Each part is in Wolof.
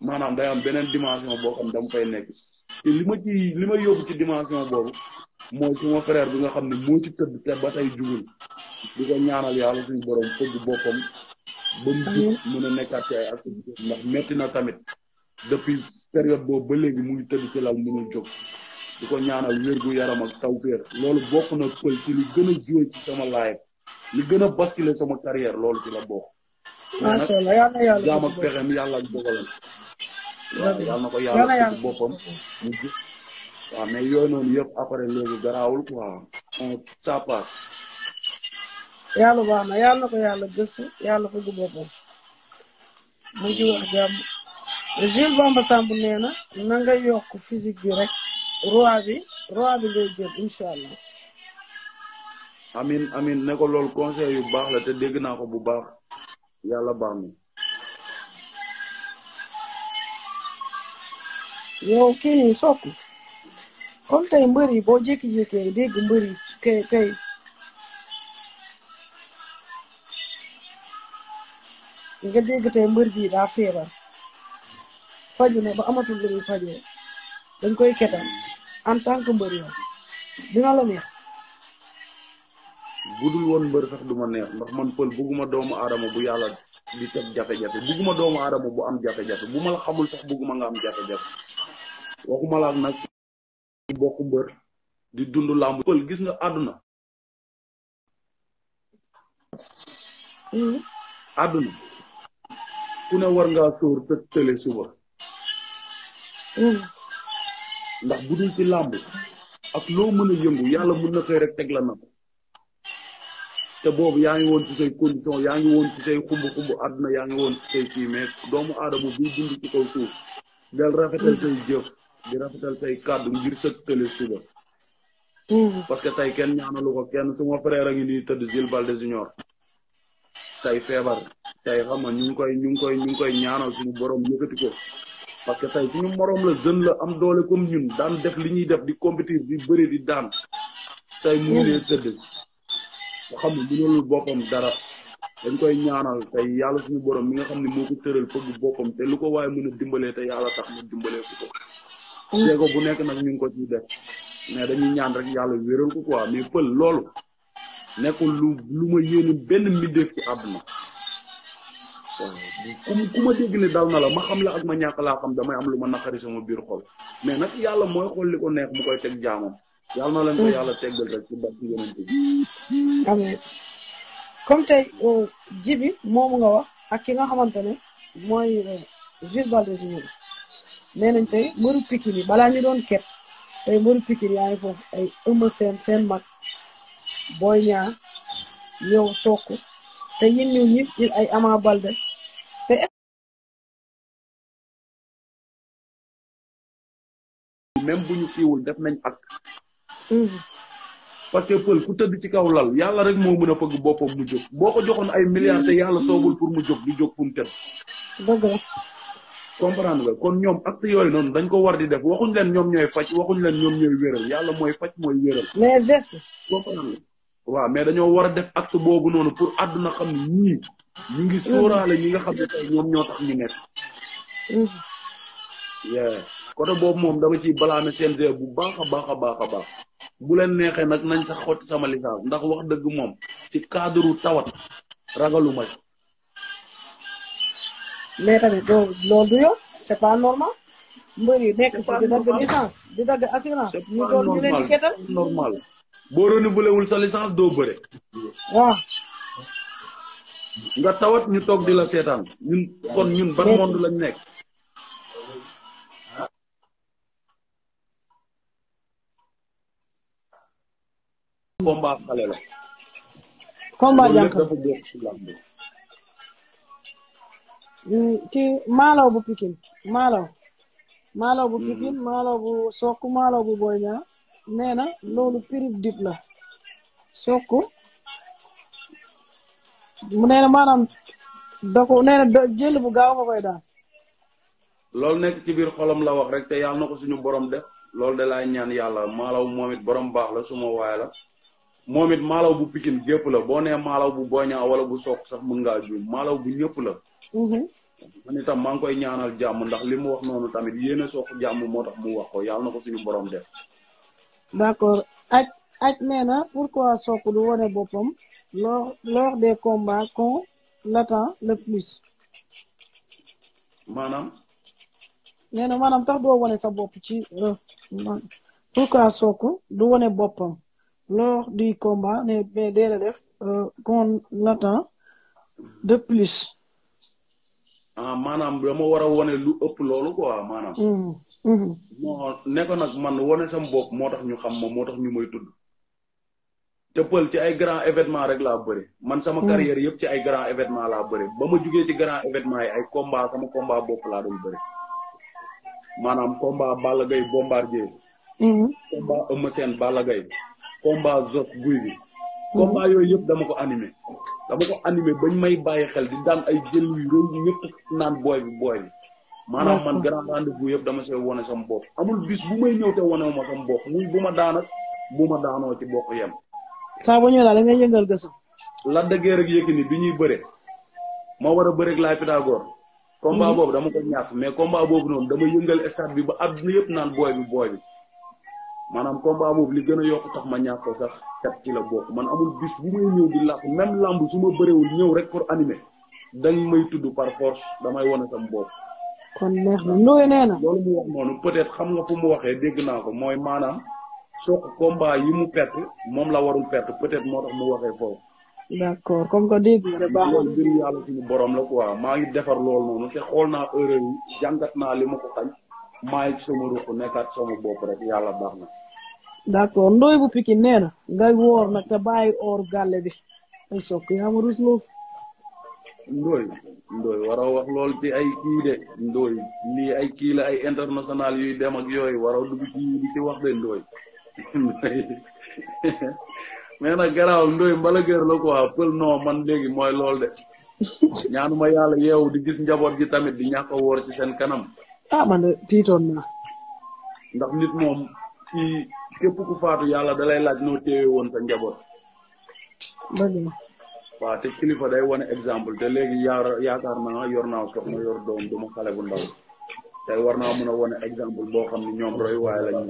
maanaam day beneen dimension boo xam dama fay nekk li ma ci li ma yóbbu ci dimension boobu mooy suma frère bi nga xam ne moo ci tëdd te ba tey jugul di ko ñaanal yàlla suñu borom tëdd boppam ba mu jug mën a nekkaat ci ay activité ndax metti na tamit depuis période boobu ba léegi mu ngi tëdd ci lal mënul jóg di ko ñaanal wér gu yaram ak tawféer loolu bokk na pël ci li gën a ci sama live li gën a basculer sama carrière loolu ci la bokk. macha allah yàlla yàlla ak pexem yàlla na ko yàlla ci boppam mu gis waaw mais yooyu noonu yëpp après léegi garaawul quoi on ça passe yàlla baax na yàlla ko yàlla gëstu yàlla fugg boppam mu ji wax jàmm Jules Bamba Samb nee na na nga yokk physique bi rek roi bi roi bi ngay allah amin amin ne conseil yu baax la te dégg naa ko bu baax yàlla baax yow kii yi sokku comme tey mbër yi boo jékki-jékki dégg mbër yi kay tey nga dégg tey mbër bii daa feebar faju ba amatul lu muy dañ koy ketal en tant que mbër yow dina la neex budul woon mbër sax du neex ndax man pël bugguma doomu aadama bu yàlla di teg jafe-jafe bëgguma doomu aadama bu am jafe-jafe bu ma la xamul sax bëgguma nga am jafe-jafe waxuma la ak nag bokk mbër di dund làmb pël gis na àdduna hmm. àdduna ku ne war ngaa sóor sa télé suba hmm. ndax bu dul ci làmb ak loo mën a yëngu yàlla mën na xëy rek teg na te boobu yaa ngi woon ci say condition yaa ngi woon say xumb xumb àdduna yaa ngi woon say kii doomu aadama bu dund ci kaw suuf del rafetal say jëf di rafetal say kàddu ngir sëkkale suba. Mm. parce que tey kenn ñaanalu ko kenn su ma frère a ngi nii tëdd Jules Balde Junior. tey feebar tey xam nga ñu ngi koy ñu ngi koy ñu ngi koy ñaanal suñu borom yëkkati ko parce que tey suñu morom la jeune la am doole comme ñun daan def li ñuy def di compétir di bëri di daan. tey mu ngi leen tëdd. xam nga mënalul boppam dara. dañ koy ñaanal tey yàlla suñu borom mi nga xam ne moo ko tëral fëgg boppam te lu ko waaye mun a dimbalee te yàlla tax mu dimbalee ko ko. jéego bu nekk nag ñu ko ciy def mais dañuy ñaan rek yàlla wéral ko quoi mais pël loolu nekkul lu lu ma yéene benn mbindeef ci àdduna waaw ku ku ma dégg ne dal ma xam la ak ma ñàkk laa xam damay am lu ma naqari sama biir xol mais nag yàlla mooy xool li ko neex mu koy teg jaamam yàlla na leen ko yàlla teggal rek ci ba bi amiin comme tey euh, jibi moomu nga wax ak ki nga xamante ne mooy euh, Jules Baldé Junior nee nañ tey mbëru Pikine balaa ñu doon ket tey mbëru Pikine yaa ngi foofu ay Eumeu Sène seen mag Boy Niang yow Sokh te ñun ay Ama Baldé te même bu ñu kiiwul def nañ ak mm. parce que pël ku tëdd ci kaw lal yàlla rek moo mën a fëgg boppam mu jóg boo ko joxoon ay milliards te yàlla soogul pour mu jóg du jóg fu mu tëdd comprendre nga kon ñoom acte yooyu noonu dañ ko war di def waxuñ leen ñoom ñooy faj waxuñ leen ñoom ñooy wéral yàlla mooy faj mooy wéral. mais geste. comprendre nga waaw mais dañoo war a def acte boobu noonu pour àdduna xam ne ñii. ñu ngi sóoraale ñi nga xam ne tey ñoom ñoo tax ñu nekk. Mm-hmm. yeah boobu moom dama ciy balaame CNG bu baax a baax a baax a baax bu leen neexee nag nañ sax xotti sama licence ndax wax dëgg moom ci cadre tawat ragaluma ci mais tamit loolu loolu du yoon c'est pas normal. mbër yi nekk fi di dagg licence assurance. ñu doon ñu di ketal normal boo renouvelé wul sa licence doo bëre. waaw. Ah. nga tawat ñu toog di la seetaan ñun kon ñun ban monde lañ nekk. combat xale la. combat jànku dafa Mm, ki maalaw bu pikin maalaw maalaw bu mm-hmm. pikin bu sokk maalaw bu boy ñaa nee na loolu pirib dip la sokk mu nee na maanaam dako nee na jël bu gaaw nga koy daan loolu nekk ci biir xolam la wax rek te yàlla na ko suñu borom def loolu de laay ñaan yàlla maalaw moom it borom baax la suma waay la bu pikin gépp la boo nee maalaw bu boñaa wala bu sook sax mën ngaa juum bu ñëpp la mm-hmm. man itam maa ngi koy ñaanal jàmm ndax li wax noonu tamit yéene soog jàmm moo tax mu wax ko yàlla na ko suñu borom def. d'accord aj aj nee na pourquoi Sokh du wone boppam lors lors des combats le plus. maanaam. nee na maanaam wone sa bopp ci pourquoi du wone boppam lors du combat ne mais def euh, qu'on de plus. Ah, maanaam dama war a wane lu ëpp loolu quoi maanaam. Mm, mm. non nag man wane sam bopp moo tax ñu xam ma moo tax ñu may tudd. te pël ci ay grand événement rek laa bëri. man sama mm. carrière yëpp ci ay grand événement la bëri ba ma jugee ci grand événement yi ay combat sama combat bopp laa doon bëri. maanaam combat Balla Gaye Bombardier. combat Eumeu Balla Gaye. combat Zoss Gouye Gui. combat yooyu yëpp dama ko animé dama ko animé bañ may bàyyi xel di daan ay jël yu rëy ñëpp naan booy bi booy bi maanaam man grand rendez-vous yëpp dama see wane sama bopp amul bis bu may ñëw te wane ma sama bopp muy bu ma daan ak bu ma daanoo ci bokk yem saa ba ñëw daal da ngay yëngal gëstu la dëggee rek Yékini bi ñuy bëre ma war a bëre ak Laye Pythagore combat mhm. boobu dama ko ñaat mais combat boobu noonu dama yëngal stade bi ba àdduna yëpp naan booy bi booy bi maanaam combat boobu li gën a yokk tax ma ñàkk ko sax kat ci la bokk man amul bis bu may ñëw di làkk même lamb su ma ñëw rek pour animer dañ may tudd par force damay wane sam bopp. kon neex na Ndoye nee na. loolu mu wax noonu peut-être xam nga fu mu waxee dégg naa ko mooy maanaam soog combat yi mu perte moom la warul perte peut-être moo tax mu waxee foofu. d'accord comme que dégg nga de baax na mbir yàlla suñu borom la quoi maa ngi defar loolu noonu te xool naa erreur yi jàngat li ma ko xañ maay sama ruq nekkaat sama bopp rek yàlla baax na. d'accord ndoy bu pikin nee na ngay woor nag te bàyyi or gàlle bi ay sokk yaa ma rus lool. ndooy ndooy war wax lool ci ay kii de ndooy lii ay kii la ay international yuy dem ak yooyu war a dugg wax de ndooy mais nag garaaw ndooy mbala la pël non man léegi mooy lool de ñaanuma yàlla yeewu di gis njaboot gi tamit di ñàkk woor ci seen kanam ah man tiitoon naa. ndax nit moom ci képp ku faatu yàlla da lay laaj noo téye woon sa njaboot. dëgg te kilifa day wane exemple te léegi yaar yaakaar naa yor naa soxna yor doom duma xale bu ndaw tey war naa a wane exemple boo xam ne ñoom roy waaye lañ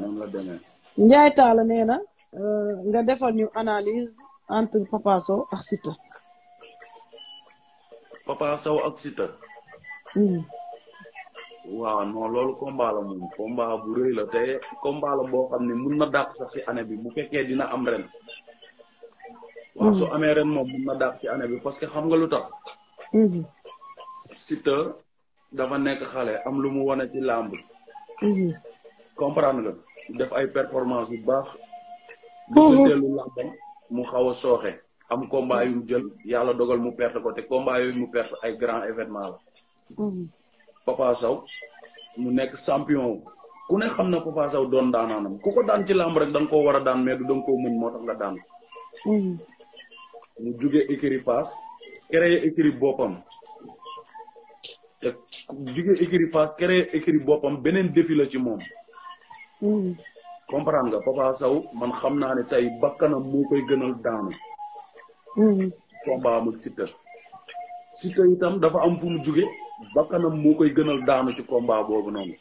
ñu la demee. Ndiaye Talla a na euh, nga defal ñu analyse entre Papa Sow ak Papa Sow ak Hmm. waaw non loolu combat la moom combat bu rëy la te combat la boo xam ne mun na dàq sax ci année bi bu fekkee dina am ren. waaw hmm. su amee ren moom mun na dàq ci année bi parce que xam nga lu tax. Hmm. Siteu dafa nekk xale am lu mu wane ci làmb. comprendre def ay performance yu baax. mu xaw a sooxe am combat yu mu jël yàlla dogal mu perte ko te combat yooyu mu perte ay grand événement la. Mm. Papa Sow mu nekk champion ku ne xam na Papa Sow doon daanaanam ku ko daan ci làmb rek da nga koo war a daan mais du da nga koo muñ moo tax nga daan mm. mu jugee écurie Fass créé écurie boppam boppam beneen défi ci moom mm. comprendre nga Papa Sow man xam naa ne tey bakkanam moo koy gënal daanu combat am ak Siteu Siteu itam dafa am fu mu jugee bakkanam moo koy gënal daanu ci combat boobu noonu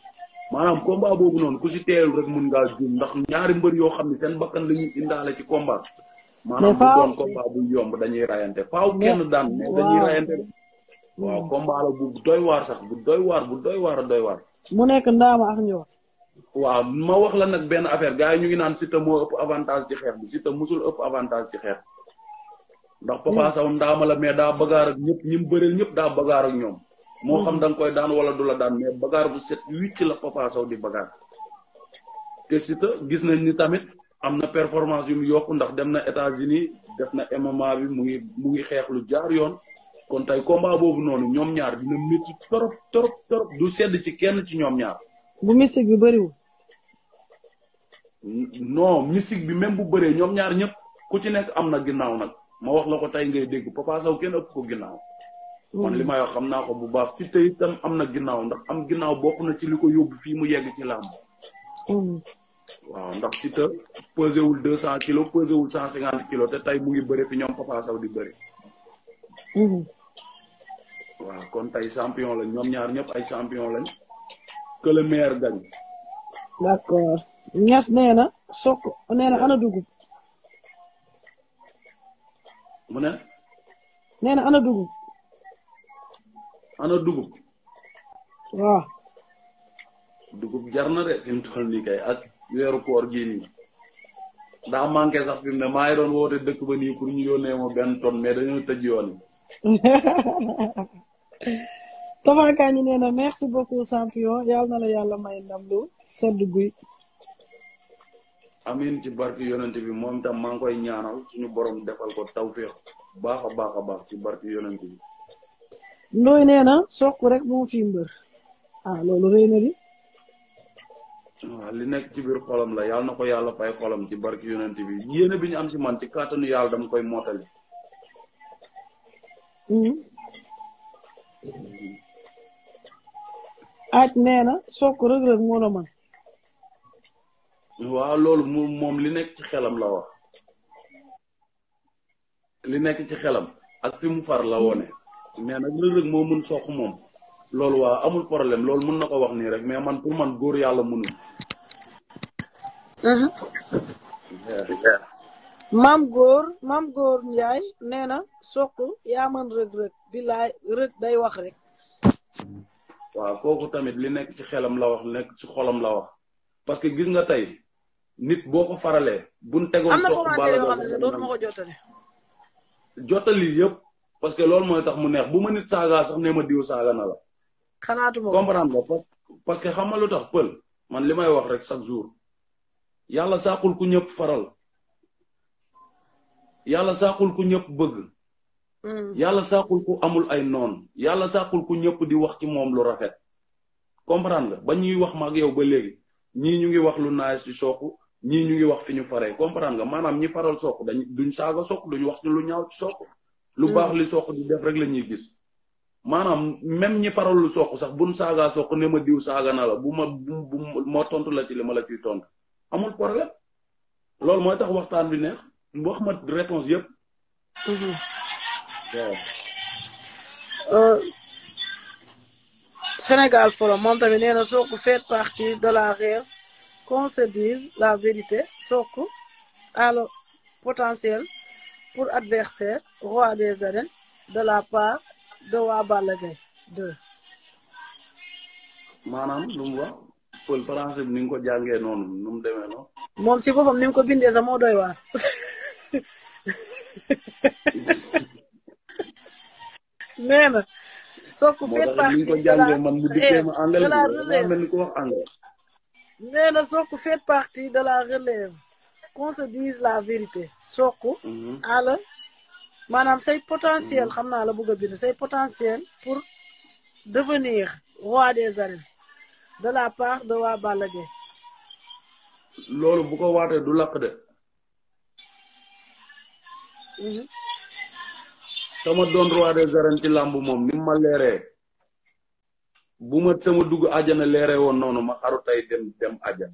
maanaam combat boobu noonu ku si teelul rek mun ngaa juum ndax ñaari mbër yoo xam ne seen bakkan la ñuy indaale ci combat. maanaam bu doon bu yomb dañuy rayante faaw kenn daan mais dañuy hmm. bu doy waar sax bu doy waar bu doy waar a doy waar. mu nekk ndaama ak ñoom. waaw ma wax la nag benn affaire gars yi ñu ngi naan Siteu moo ëpp avantage ci xeex bi Siteu musul ëpp avantage ci xeex. ndax Papa hmm. Sow ndaama la mais daa bagaar ak ñëpp ñi mu ñëpp daa bagaar ñoom. moo xam da nga koy daan wala du la daan mais bagaar bu set wicc la Papa di bagaar te Siteu gis nañ ni tamit am na performance yu mu yokk ndax dem na États-Unis def na MMA bi mu ngi mu ngi xeex lu jaar yoon kon tey combat boobu noonu ñoom ñaar dina métti torop torop torop du sedd ci kenn ci ñoom ñaar. bu mystique bi bëriwul. non mystique bi même bu bëree ñoom ñaar ñëpp ku ci nekk am na ginnaaw nag ma wax la ko tey ngay dégg Papa Sow kenn ëpp ko ginnaaw. man li mm. may xam naa ko bu baax si tey itam am na ginnaaw ndax am ginnaaw bokk na ci li ko yóbbu fii mu yegg ci làmb mm. waaw ndax si te pesé wul deux cent kilos pesé wul cent cinquante kilos te tey mu ngi bëri fi ñoom Papa Sow di bëri. Mm. waaw kon tey champion lañ ñoom ñaar ñëpp ay champion lañ. que le meilleur gagne. d' na Sokh nee na ana dugub. mu ne. nee ana dugub. ana dugub. waaw. dugub jar na de fi mu toll kay ak weeru koor gii nii daa manqué sax bi mu ne maa ngi doon woote dëkk ba nii pour ñu yónnee ma benn tonne mais dañoo tëj yoon yi. Tapha Kandji nee na merci beaucoup champion yal na la yàlla may ndam lu sedd guy. amin ci barki yonent bi moom tam maa ngi koy ñaanal suñu borom defal ko tawféex baax a baax a baax ci barki yonent bi. ndooy nee na rek moo fi mbër ah loolu rëy na di li nekk ci biir xolam la yàlla na ko yàlla fay xolam ci barki yonent bi yéene bi ñu am si man ci kàttanu yàlla dama koy mootali aaj mm-hmm. nee na soq Reug Reug moo la man waaw loolu moom li nekk ci xelam la wax li nekk ci xelam ak fi mu far la woone mais nag Reug Reug moo mën soq moom loolu waa amul problème loolu mën na ko wax nii rek mais man pour man góor yàlla mënul. Mhm. maam Njaay nee na soq yaa man Reug Reug bilaay Reug day wax rek. waaw kooku tamit li nekk ci xelam la wax li nekk ci xolam la wax parce que gis nga tey nit boo ko faralee. buñ tegoon soq bala am na commentaire yoo xam ne dootuma ko jottali. jottali yëpp. parce que loolu mooy tax mu neex bu ma nit saaga sax ne ma diw saaga na la. xanaatu ma comprendre nga parce parce que xam nga lu tax pël man li may wax rek chaque jour yàlla saakul ku ñëpp faral yàlla saakul ku ñëpp bëgg. Hmm. yàlla saakul ku amul ay noon yàlla saakul ku ñëpp di wax ci moom lu rafet. comprend nga ba ñuy wax maak ak yow ba léegi ñii ñu ngi wax lu naaj ci Sokh ñii ñu ngi wax fi ñu faree comprendre nga maanaam ñi faral Sokh dañ duñ saaga sook duñ wax lu ñaaw ci Sokh lu baax li soq def rek la ñuy gis maanaam même ñi faral lu soq sax buñ saagaa soq ne ma diw saaga na la bu ma bu ma tontu la ci li ma la ciy tontu amul problème loolu mooy tax waxtaan bi neex wax ma réponse yëpp. Mhm. Euh, Sénégal Forum moom tamit nee na Sokh fait partie de la rêve qu'on dise la vérité Sokh a le pour adversaire roi des arènes de la part de waa Balla Gaye 2. maanaam lu mu wax pël français ko jàngee noonu nu mu mom noonu. moom ci boppam ni ko bindee sax moo doy waar. nee na. soo ko partie de la relève. qu'on se dise la vérité sokku àla mhm. maanaam say potentiel mhm. xam naa la bëgg a bind say potentiel pour devenir roi des arènes de la part de waa Balla Gaye loolu bu ko waatee du lakk de mhm. sama doon roi des arènes ci làmb moom ni ma leere bu ma sama dugg àjjana leere woon noonu ma xaru tey dem dem